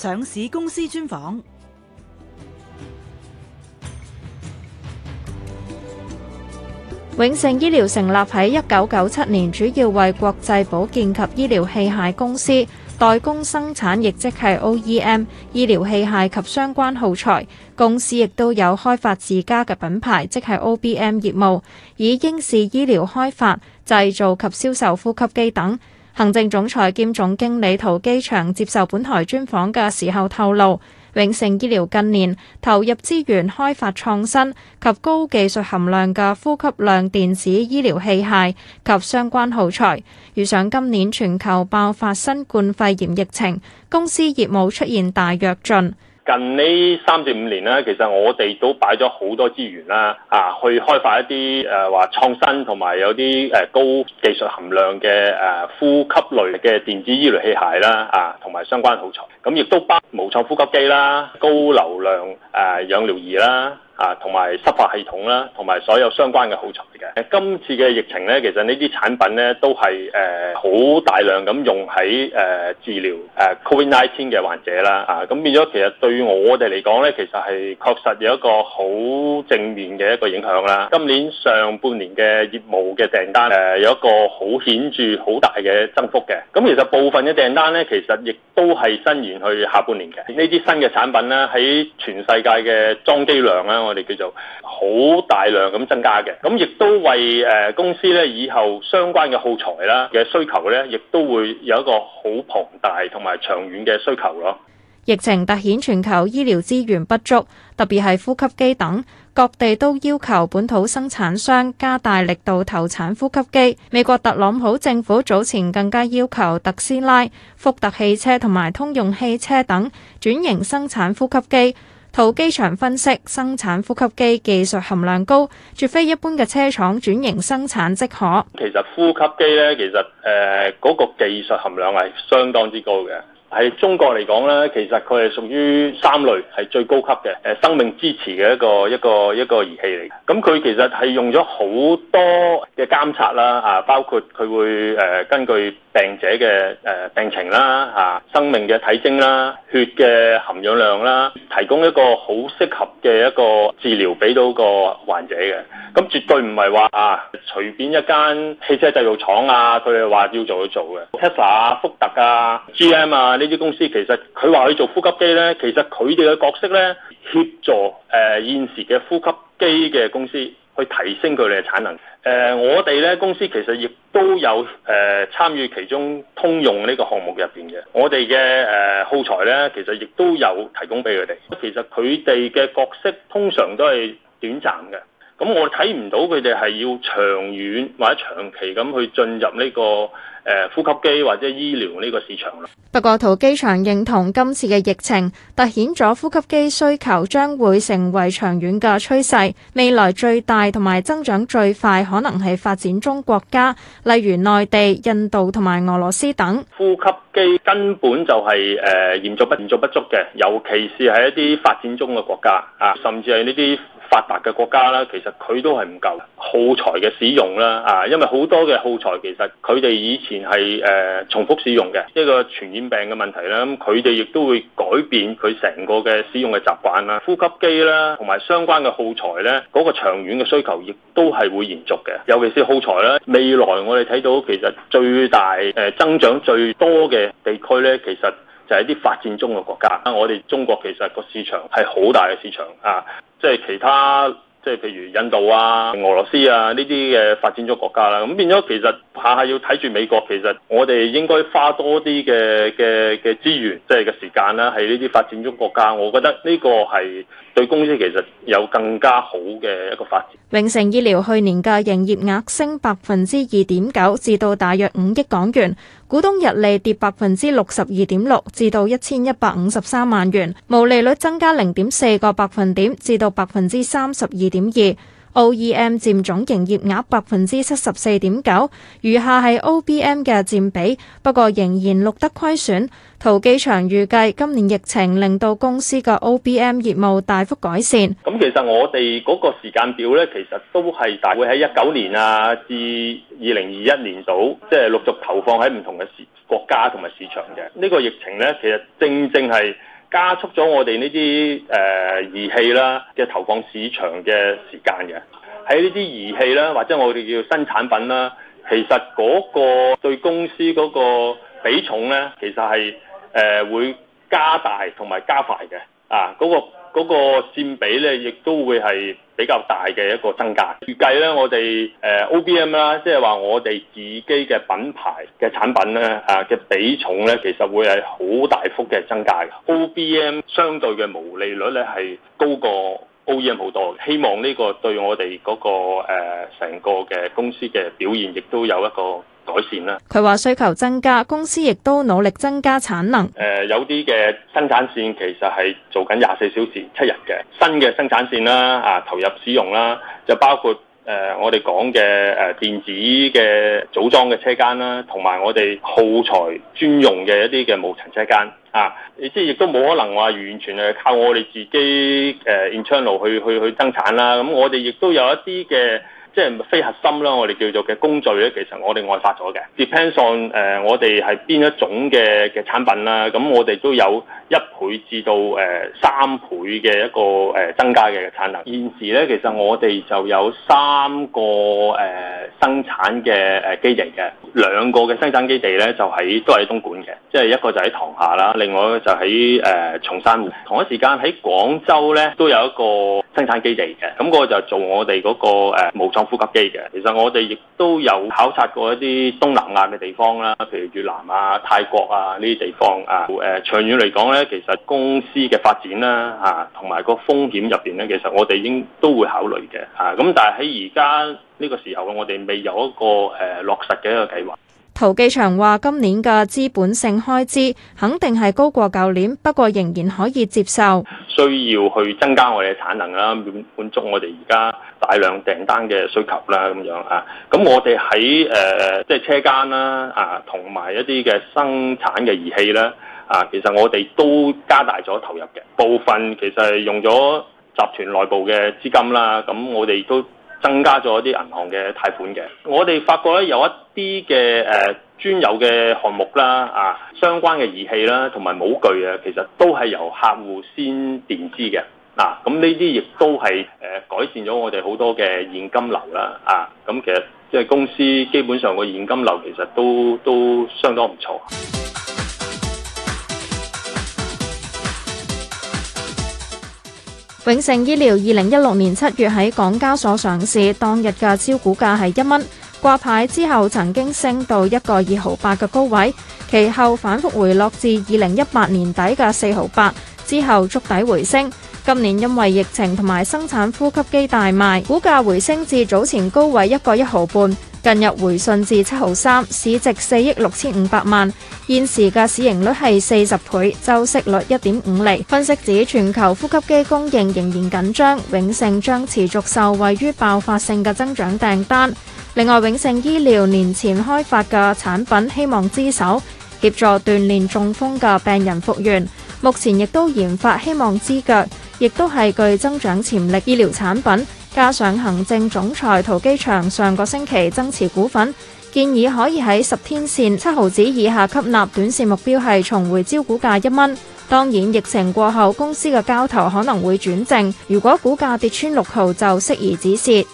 上市公司專訪。永勝醫療成立喺一九九七年，主要為國際保健及醫療器械公司代工生產，亦即係 OEM 醫療器械及相關耗材。公司亦都有開發自家嘅品牌，即係 OBM 業務，以英仕醫療開發、製造及銷售呼吸機等。行政總裁兼總經理陶基祥接受本台專訪嘅時候透露，永勝醫療近年投入資源開發創新及高技術含量嘅呼吸量電子醫療器械及相關耗材，遇上今年全球爆發新冠肺炎疫情，公司業務出現大躍進。近呢三至五年咧，其實我哋都擺咗好多資源啦，啊，去開發一啲誒話創新同埋有啲誒、呃、高技術含量嘅誒、呃、呼吸類嘅電子醫療器械啦，啊，同埋相關耗材。咁亦都包無創呼吸機啦，高流量誒氧、呃、療儀啦。啊啊，同埋濕化系統啦，同埋所有相關嘅耗材嘅。今次嘅疫情咧，其實呢啲產品咧都係誒好大量咁用喺誒、呃、治療誒、呃、COVID-19 嘅患者啦。啊，咁變咗其實對我哋嚟講咧，其實係確實有一個好正面嘅一個影響啦。今年上半年嘅業務嘅訂單誒、呃、有一個好顯著好大嘅增幅嘅。咁其實部分嘅訂單咧，其實亦都係伸延去下半年嘅。呢啲新嘅產品咧，喺全世界嘅裝機量咧。我哋叫做好大量咁增加嘅，咁亦都為誒公司咧以後相關嘅耗材啦嘅需求咧，亦都會有一個好龐大同埋長遠嘅需求咯。疫情凸顯全球醫療資源不足，特別係呼吸機等，各地都要求本土生產商加大力度投產呼吸機。美國特朗普政府早前更加要求特斯拉、福特汽車同埋通用汽車等轉型生產呼吸機。陶基祥分析生產呼吸機技術含量高，絕非一般嘅車廠轉型生產即可。其實呼吸機咧，其實誒嗰、呃那個技術含量係相當之高嘅。喺中國嚟講咧，其實佢係屬於三類，係最高級嘅誒、呃、生命支持嘅一個一個一個,一個儀器嚟。咁佢其實係用咗好多嘅監察啦，啊，包括佢會誒、呃、根據。病者嘅誒病情啦，嚇、啊、生命嘅體徵啦，血嘅含氧量啦、啊，提供一個好適合嘅一個治療，俾到個患者嘅。咁絕對唔係話啊，隨便一間汽車製造廠啊，佢哋話要做就做嘅。Tesla 啊、福特啊、GM 啊呢啲公司，其實佢話去做呼吸機呢，其實佢哋嘅角色呢，協助誒、呃、現時嘅呼吸機嘅公司。去提升佢哋嘅產能。誒、呃，我哋咧公司其實亦都有誒、呃、參與其中通用呢個項目入邊嘅。我哋嘅誒耗材咧，其實亦都有提供俾佢哋。其實佢哋嘅角色通常都係短暫嘅。咁我睇唔到佢哋係要長遠或者長期咁去進入呢個誒呼吸機或者醫療呢個市場啦。不過陶基祥認同今次嘅疫情凸顯咗呼吸機需求將會成為長遠嘅趨勢，未來最大同埋增長最快可能係發展中國家，例如內地、印度同埋俄羅斯等。呼吸機根本就係誒嚴重不足嘅，尤其是係一啲發展中嘅國家啊，甚至係呢啲。發達嘅國家啦，其實佢都係唔夠耗材嘅使用啦，啊，因為好多嘅耗材其實佢哋以前係誒、呃、重複使用嘅，一個傳染病嘅問題啦，咁佢哋亦都會改變佢成個嘅使用嘅習慣啦，呼吸機啦同埋相關嘅耗材咧，嗰、那個長遠嘅需求亦都係會延續嘅，尤其是耗材啦，未來我哋睇到其實最大誒、呃、增長最多嘅地區咧，其實。就係一啲發展中嘅國家啊，我哋中國其實個市場係好大嘅市場啊，即係其他。即係譬如印度啊、俄羅斯啊呢啲嘅發展中國家啦，咁變咗其實下下要睇住美國，其實我哋應該花多啲嘅嘅嘅資源，即係嘅時間啦，係呢啲發展中國家，我覺得呢個係對公司其實有更加好嘅一個發展。永勝醫療去年嘅營業額升百分之二點九，至到大約五億港元。股東日利跌百分之六十二點六，至到一千一百五十三萬元。毛利率增加零點四個百分點至到百分之三十二點。點二，O E M 佔總營業額百分之七十四點九，餘下係 O B M 嘅佔比，不過仍然錄得虧損。陶基祥預計今年疫情令到公司嘅 O B M 業務大幅改善。咁其實我哋嗰個時間表呢，其實都係大概喺一九年啊至二零二一年度，即係陸續投放喺唔同嘅國家同埋市場嘅。呢個疫情呢，其實正正係。加速咗我哋呢啲誒儀器啦嘅投放市場嘅時間嘅，喺呢啲儀器啦，或者我哋叫新產品啦，其實嗰個對公司嗰個比重咧，其實係誒、呃、會加大同埋加快嘅啊，嗰、那個。嗰個佔比咧，亦都會係比較大嘅一個增加。預計咧，我哋誒、呃、O B M 啦，即係話我哋自己嘅品牌嘅產品咧，啊、呃、嘅比重咧，其實會係好大幅嘅增加。O B M 相對嘅毛利率咧，係高過 O E M 好多。希望呢個對我哋嗰、那個成、呃、個嘅公司嘅表現，亦都有一個改善啦，佢話需求增加，公司亦都努力增加產能。誒、呃，有啲嘅生產線其實係做緊廿四小時七日嘅新嘅生產線啦，啊，投入使用啦、啊，就包括誒、呃、我哋講嘅誒電子嘅組裝嘅車間啦，同、啊、埋我哋耗材專用嘅一啲嘅無塵車間啊，亦即係亦都冇可能話完全係靠我哋自己誒 internal 去去去生產啦。咁、啊嗯、我哋亦都有一啲嘅。即係非核心啦，我哋叫做嘅工序咧，其實我哋外發咗嘅。depends on 誒、呃，我哋係邊一種嘅嘅產品啦，咁我哋都有一倍至到誒、呃、三倍嘅一個誒、呃、增加嘅產能。現時咧，其實我哋就有三個誒、呃、生產嘅誒基地嘅，兩個嘅生產基地咧就喺都喺東莞嘅，即係一個就喺塘廈啦，另外一個就喺誒松山湖。同一時間喺廣州咧都有一個生產基地嘅，咁、那個就做我哋嗰、那個誒無創、呃呼吸機嘅，其實我哋亦都有考察過一啲東南亞嘅地方啦，譬如越南啊、泰國啊呢啲地方啊。誒、呃、長遠嚟講咧，其實公司嘅發展啦，嚇同埋個風險入邊咧，其實我哋應都會考慮嘅嚇。咁、啊、但係喺而家呢個時候，我哋未有一個誒、呃、落實嘅一個計劃。陶基祥話：今年嘅資本性開支肯定係高過舊年，不過仍然可以接受。需要去增加我哋嘅產能啦，滿滿足我哋而家大量訂單嘅需求啦，咁樣、呃就是、啊。咁我哋喺誒即係車間啦，啊同埋一啲嘅生產嘅儀器啦，啊其實我哋都加大咗投入嘅部分，其實係用咗集團內部嘅資金啦。咁我哋都。增加咗啲銀行嘅貸款嘅，我哋發覺咧有一啲嘅誒專有嘅項目啦，啊相關嘅儀器啦，同埋模具啊，其實都係由客戶先墊資嘅，嗱咁呢啲亦都係誒改善咗我哋好多嘅現金流啦，啊咁其實即係公司基本上個現金流其實都都相當唔錯。永勝醫療二零一六年七月喺港交所上市，當日嘅招股價係一蚊，掛牌之後曾經升到一個二毫八嘅高位，其後反覆回落至二零一八年底嘅四毫八，之後觸底回升。今年因為疫情同埋生產呼吸機大賣，股價回升至早前高位一個一毫半。近日回信至七毫三，市值四億六千五百萬，現時嘅市盈率係四十倍，周息率一點五厘。分析指全球呼吸機供應仍然緊張，永勝將持續受惠於爆發性嘅增長訂單。另外，永勝醫療年前開發嘅產品希望之手，協助鍛煉中風嘅病人復原。目前亦都研發希望之腳，亦都係具增長潛力醫療產品。加上行政總裁陶基祥上個星期增持股份，建議可以喺十天線七毫子以下吸納，短線目標係重回招股價一蚊。當然，疫情過後公司嘅交投可能會轉正，如果股價跌穿六毫，就適宜止蝕。